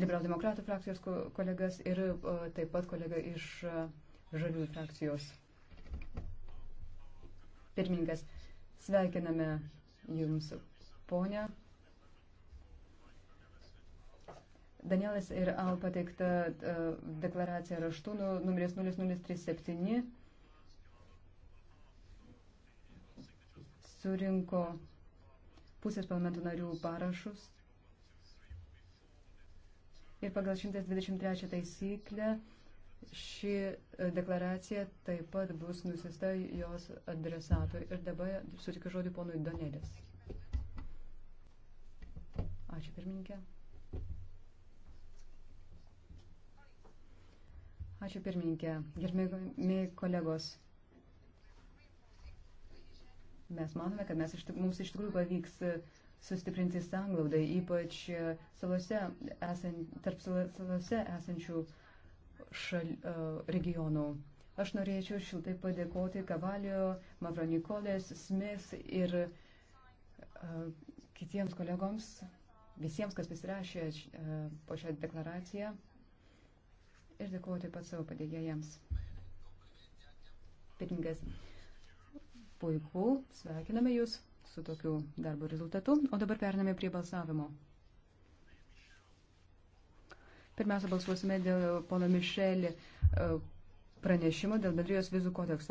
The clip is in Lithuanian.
liberaldemokratų frakcijos kolegas ir taip pat kolegą iš e, žaliųjų frakcijos. Pirmininkas, sveikiname Jums, ponia. Danielis ir Al pateikta e, deklaracija raštu nu, numeris 0037 surinko pusės parlamento narių parašus ir pagal 123 taisyklę ši e, deklaracija taip pat bus nusista jos adresatui. Ir dabar sutikiu žodį ponui Donėlis. Ačiū pirmininkė. Ačiū pirmininkė. Gerbimi kolegos. Mes manome, kad mes iš, mums iš tikrųjų pavyks uh, sustiprinti sanglaudą, ypač salose esant, tarp salose esančių šal, regionų. Aš norėčiau šiltai padėkoti Kavalio, Mavronikolės, Smith ir uh, kitiems kolegoms, visiems, kas pasirašė uh, po šią deklaraciją ir dėkoju taip pat savo padėgėjams. Pirmingas, puiku, sveikiname Jūs su tokiu darbo rezultatu. O dabar pername prie balsavimo. Pirmiausia, balsuosime dėl pono Mišelį e, pranešimo dėl bendrijos vizų kodekso.